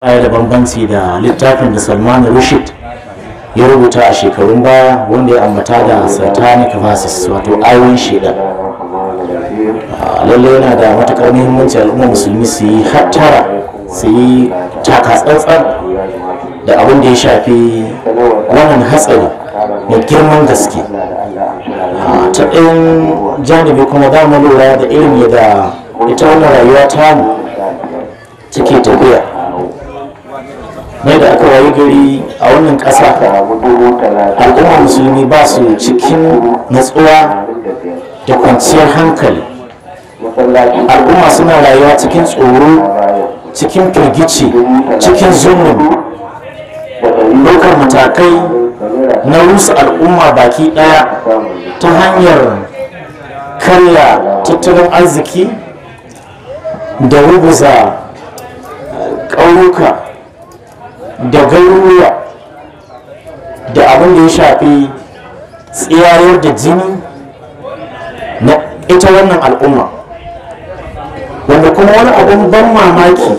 baya da bambanci da littafin da salman rushid ya rubuta a shekarun baya wanda ya ambata da satanic verses wato ayoyin shida ah, lallai yana da matuƙar muhimmanci al'umma musulmi su yi hattara su yi takatsantsan da abin da ya shafi wannan hatsari mai girman gaske ah, ta ɗayan janibi kuma za mu lura da irin da ita wannan rayuwa mu take ta ne da aka wayi gari a wannan ƙasa al'ummar musulmi ba su cikin natsuwa da kwanciyar hankali al'umma suna rayuwa cikin tsoro cikin firgici cikin zunubi ɗaukar matakai na rusa al'umma baki ɗaya ta hanyar karya tattalin arziki da rubuza ƙauyuka da garuruwa da abin da ya shafi tsiyayar da jini na ita wannan al'umma wanda kuma wani abin ban mamaki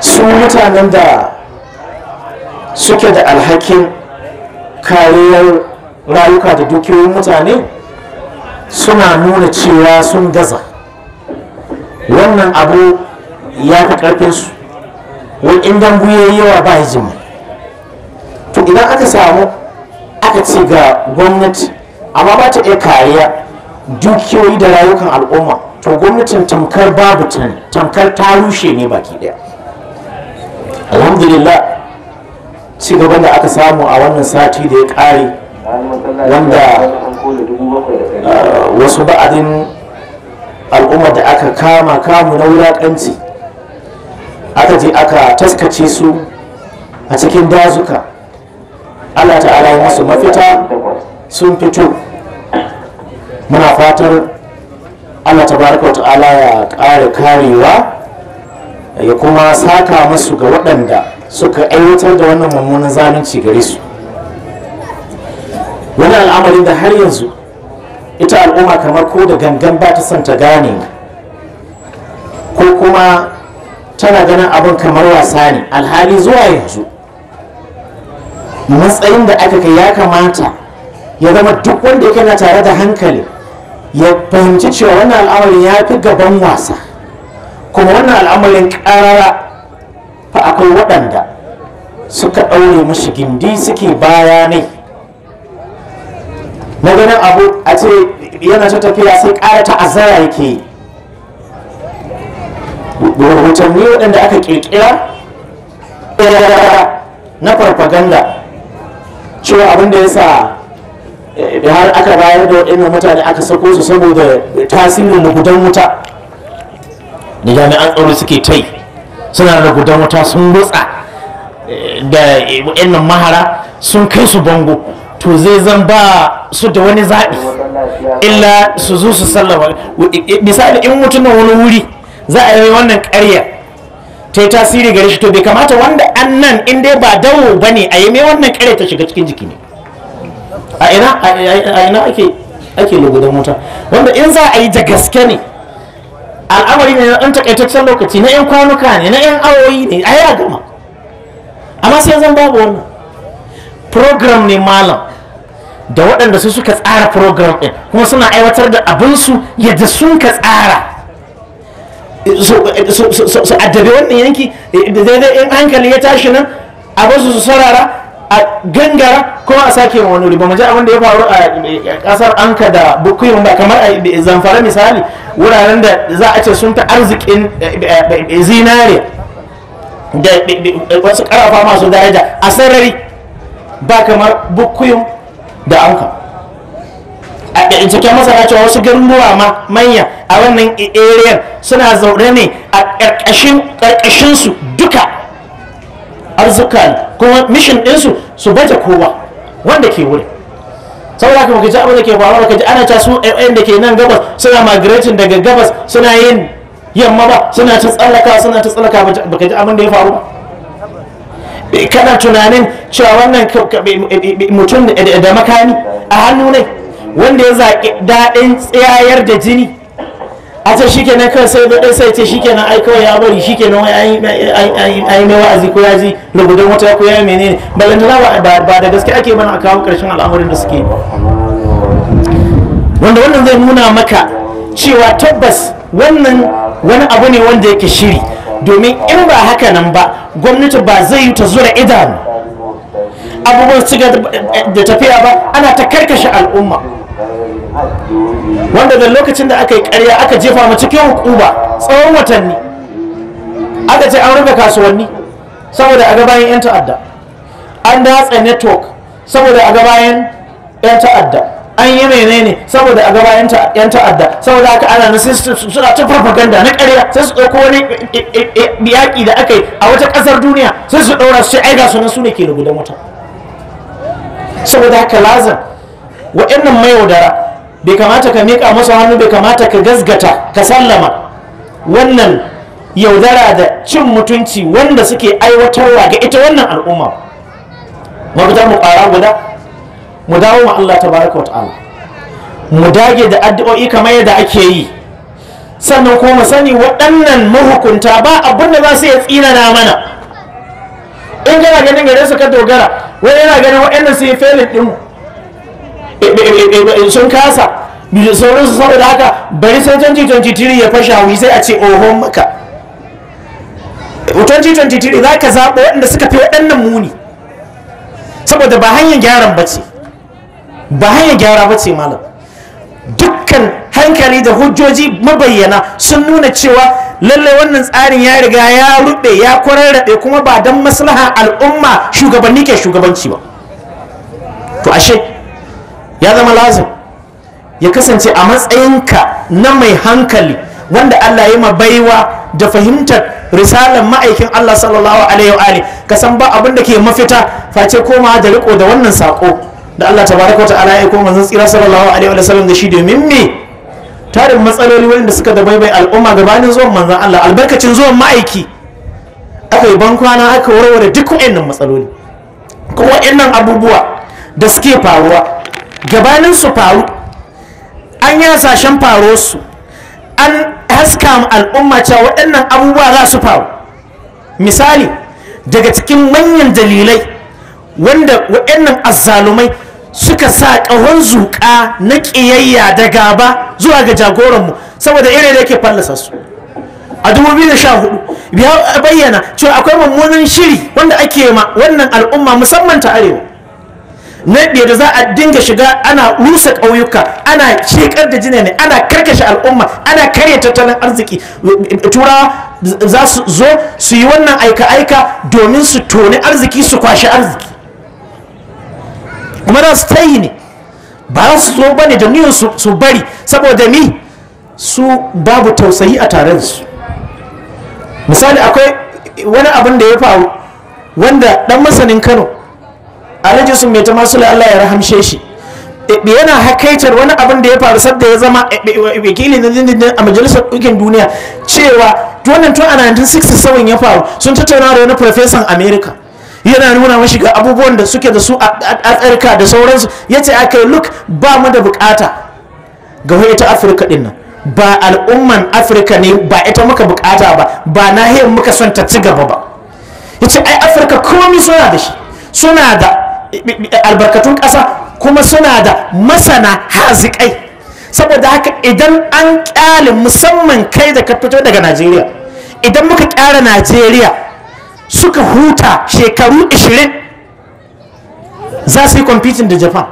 su mutanen da suke da alhakin kariyar rayuka da dukiyoyin mutane suna nuna cewa sun gaza wannan abu ya fi ƙarfinsu wai in dambu ya yi yawa ba jima to idan aka samu aka ce ga gwamnati amma ba ta iya kariya dukiyoyi da rayukan al'umma to gwamnatin tamkar babu tamkar ta rushe ne baki daya alhamdulillah ci gaban da aka samu a wannan sati da ya kare wanda ah, wasu ba'adin al'umma da aka kama kamu na wulakanci aka je aka taskace su a cikin dazuka allah ta'ala ya musu mafita sun fito muna fatar allah tabaraka ta'ala ya ƙara karewa ya kuma saka musu ga waɗanda suka aiwatar da wannan mummunan zalunci gare su wani al'amarin da har yanzu ita al'umma kamar ko da gangan ba ta son ta gane ko kuma tana ganin abin kamar wasa ne alhali zuwa yanzu matsayin da aka kai ya kamata ya zama duk wanda yake na tare da hankali ya fahimci cewa wannan al'amarin ya fi gaban wasa kuma wannan al'amarin karara fa akwai waɗanda suka ɗaure mashi gindi suke bayanai na ganin abu a ce yana ta tafiya sai ƙara ta'azzara yake yi da rahotanni waɗanda aka ƙirƙira eh, na farfaganda cewa abin da ya sa da eh, har aka bayar da waɗannan mutane aka sako su saboda tasirin gudan wuta da jami'an tsaro suke tai suna da gudan wuta sun rutsa eh, da waɗannan mahara sun kai su bango to zai zan ba su da wani zaɓi illa su zo su sallama misali in mutum wani wuri za a yi wannan ƙarya ta yi tasiri gare shi to bai kamata wanda an nan in dai ba dawo ba ne a yi mai wannan ƙarya ta shiga cikin jiki ne a ina ake lagudan wuta wanda in za a yi da gaske ne al'amari ne na ɗan takaitaccen lokaci na 'yan kwanuka ne na 'yan awoyi ne a ya gama amma sai zan babu wannan program ne malam da waɗanda su suka tsara program ɗin kuma suna aiwatar da abinsu yadda sun ka tsara su addabi wannan yanki daidai eh, in hankali ya tashi nan a basu su sarara a gangara kuma a sake wani riba mace abin da ya faru a kasar eh, anka da bukuyin ba kamar a eh, zamfara misali wuraren da za a ce sun ta arzikin zinare da wasu karafa masu daraja a sarari ba kamar bukuyin da anka cikin masana cewa wasu garuruwa ma manya a wannan area suna zaune ne a ƙarƙashin su duka arzuka kuma mission ɗinsu su baje kowa wanda ke wurin saboda kuma kaji abin da ke faruwa kaji ana ta su ɗayan da ke nan gabas suna migrating daga gabas suna yin yamma ba suna ta tsallaka suna ta tsallaka ba kaji abin da ya faru ba kana tunanin cewa wannan mutum da makami a hannu ne wanda ya zaƙi daɗin tsayayar da jini a ce shi kenan kawai sai da sai ce shi kenan ai kawai ya bari shi kenan wai ai mai wa'azi ko ya ji rubutan wata ko ya menene da ba da gaske ake mana a kawo ƙarshen al'amarin da suke wanda wannan zai nuna maka cewa tabbas wannan wani abu ne wanda yake shiri domin in ba haka nan ba gwamnati ba zai yi ta zura idanu abubuwan su da tafiya ba ana ta karkashe al'umma wanda da lokacin da aka yi ƙarya aka jefa mu cikin hukuma tsawon watanni aka ce an rufe kasuwanni saboda a gabayan 'yan ta'adda an datse network saboda a gabayan 'yan ta'adda an yi menene saboda a gaba yan ta'adda saboda aka ana na suna cin propaganda na ƙarya sai su ɗauko wani e, e, e, yaƙi da aka yi a wata ƙasar duniya sai su ɗaura su ai ga su su ne ke da gudan mota saboda haka lazan waɗannan mayaudara bai kamata ka miƙa masa hannu bai kamata ka gasgata ka sallama wannan yaudara da cin mutunci wanda suke aiwatarwa ga ita wannan al'umma mafita mu ƙara guda mu dawo ma Allah Ta baraka wata Allah. mu dage da addu'o'i kamar yadda ake yi sannan kuma mu sani waɗannan mahukunta ba abin da za su iya tsinana mana in kana ganin gare su ka dogara wani yana ganin waɗannan su yi felin ɗinmu sun kasa bisa su saboda haka bari sai 2023 ya fasha wi sai a ce ohon maka 2023 za ka zaɓa waɗanda suka fi waɗannan muni saboda ba hanyar gyaran ba ce ba hanyar gyara ba ce malam dukkan hankali da hujjoji mabayyana sun nuna cewa lallai wannan tsarin ya riga ya rube ya kwararrabe kuma ba don maslaha al'umma shugabanni ke shugabanci ba to ashe ya zama lazim ya kasance a matsayinka na mai hankali wanda Allah ya ma baiwa da fahimtar risalar ma'aikin Allah sallallahu alaihi wa ali ka san ba abin da ke mafita face koma da riko da wannan sako da Allah tabaraka wa ta'ala ya koma tsira sallallahu alaihi wa sallam da shi domin me tarin matsaloli wanda suka da baibai al'umma gabanin zuwan manzon Allah albarkacin zuwan ma'aiki aka yi bankwana aka warware duk wa'annan matsaloli ko wa'annan abubuwa da suke faruwa gabanin su faru an yi hasashen faro su an haska al'umma cewa waɗannan abubuwa za su faru misali daga cikin manyan dalilai wanda waɗannan azzalumai suka sa ƙahon zuƙa na ƙiyayya da gaba zuwa ga jagoranmu saboda irin da yake fallasa su a 2014 bayyana cewa akwai mummunan shiri wanda ake ma wannan al'umma musamman ta arewa na da za a dinga shiga ana rusa ƙauyuka ana cikar da jina ne ana karkashe al'umma ana karya tattalin arziki turawa za su zo su yi wannan aika-aika domin su toni arziki su kwashi arziki kuma za su ta yi ne ba su zo bane da niyan su bari saboda mi su babu tausayi a tare misali akwai wani abin da ya faru wanda dan masanin kano alhaji sun mai tama sula Allah ya rahamshe shi yana hakaitar wani abin da ya faru sadda ya zama wakili na a majalisar ɗukin duniya cewa wannan tun a ya faru sun tattauna da wani profesan america yana nuna mashi ga abubuwan da suke da su a tsarka da sauransu ya ce aka look ba mu da bukata ga ta afirka din ba al'umman afirka ne ba ita muka bukata ba ba nahiyar muka son ta ci gaba ba ya ce ai afirka komi suna da shi suna da albarkatun ƙasa kuma suna da masana haziƙai saboda haka idan an ƙyale musamman kai da ka fito daga najeriya idan muka ƙyara najeriya suka huta shekaru 20 za su yi kwamfitin da japan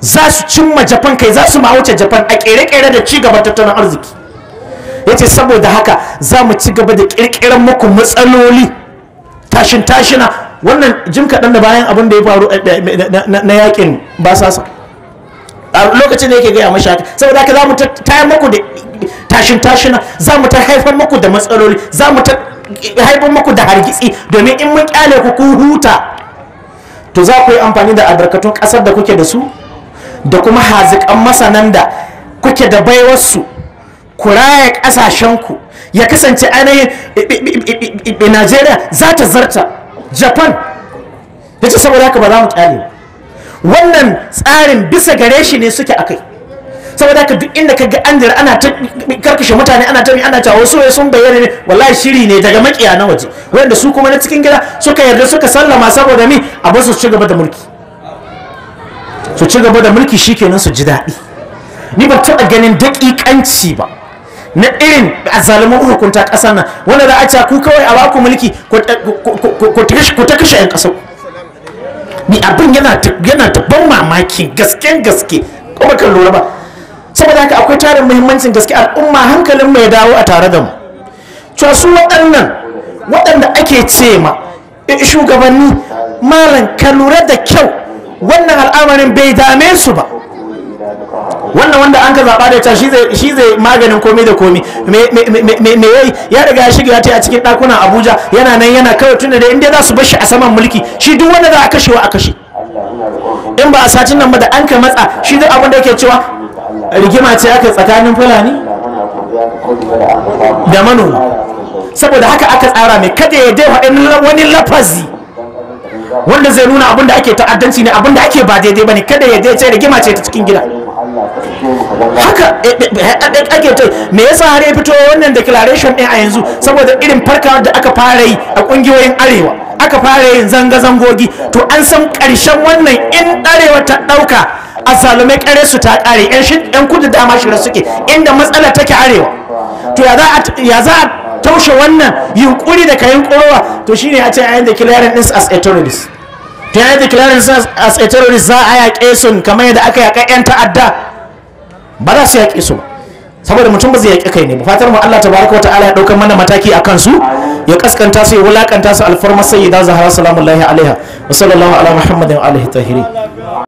za su cimma japan kai za su ma japan a ƙere-ƙere da ci gaba tattalin arziki ya ce saboda haka za mu ci gaba da ƙirƙirar muku matsaloli tashin tashina wannan jim kaɗan da bayan abin da ya faru eh, eh, na yakin basasa a lokacin da yake gaya mashi haka saboda haka za mu ta muku da tashin tashina za mu ta haifar muku da matsaloli za mu ta haifar muku da hargitsi domin in mun kyale ku huta to za ku yi amfani da albarkatun ƙasar da kuke da su da kuma haziƙan masanan da kuke da baiwarsu ku raya ƙasashenku ya kasance ainihin najeriya za ta zarta japan ya ce saboda haka ba za mu kyale wannan tsarin bisa gare shi ne suke akai saboda haka duk inda kaga an jira ana ta karkashe mutane ana ta ana ta wasu ya sun bayyana ne wallahi shiri ne daga makiya na waje wanda su kuma na cikin gida suka yarda suka sallama saboda mi abin su ci gaba da mulki su ci da mulki shikenan su ji daɗi ni ba taɓa ganin daƙiƙanci ba na irin azzalumin hukunta ƙasar nan wanda za a ce ku kawai a baku mulki ku ta kashe 'yan ƙasar ni abin yana ta ban mamaki gasken gaske kuma kan lura ba saboda haka akwai tarin muhimmancin gaske al'umma hankalin mai dawo a tare da mu cewa su waɗannan waɗanda ake ce ma shugabanni malam ka lura da kyau wannan al'amarin bai dame su ba wannan wanda an ka zaɓa da ita shi zai maganin komi da komi me yayi ya riga ya shiga ya ta a cikin ɗakunan abuja yana nan yana kawai tunda da inda za su bar shi a saman mulki shi duk wanda za a kashe wa a kashe in ba a satin nan ba da an ka matsa shi duk abin da yake cewa rigima ce aka tsakanin fulani da manoma saboda haka aka tsara mai kada ya dai wani lafazi wanda zai nuna abin da ake ta'addanci ne abin da ake ba daidai ba ne kada ya dai ce rigima ce ta cikin gida haka eh, eh, eh, ake ta me yasa har ya fito wannan declaration din a yanzu saboda irin farkawar da aka fara yi a kungiyoyin arewa aka fara yin zanga-zangogi to an san karshen wannan in arewa ta dauka a salome kare su ta kare yan kudu dama shirin suke inda matsala take arewa to ya za a taushe wannan yunkuri da ka korowa to shine a ce a yin declaring as a terrorist ta yi declaring as a terrorist za a yaƙe su kamar yadda aka yaƙa 'yan ta'adda ba za su yaƙe su saboda mutum ba zai yaƙe kai ne ba fatar mu Allah tabaraka wa ta'ala ya ɗaukar mana mataki a kansu ya kaskanta su ya wulakanta su alfarma sayyida zahra salamullahi alaiha wa sallallahu ala muhammadin alihi tahiri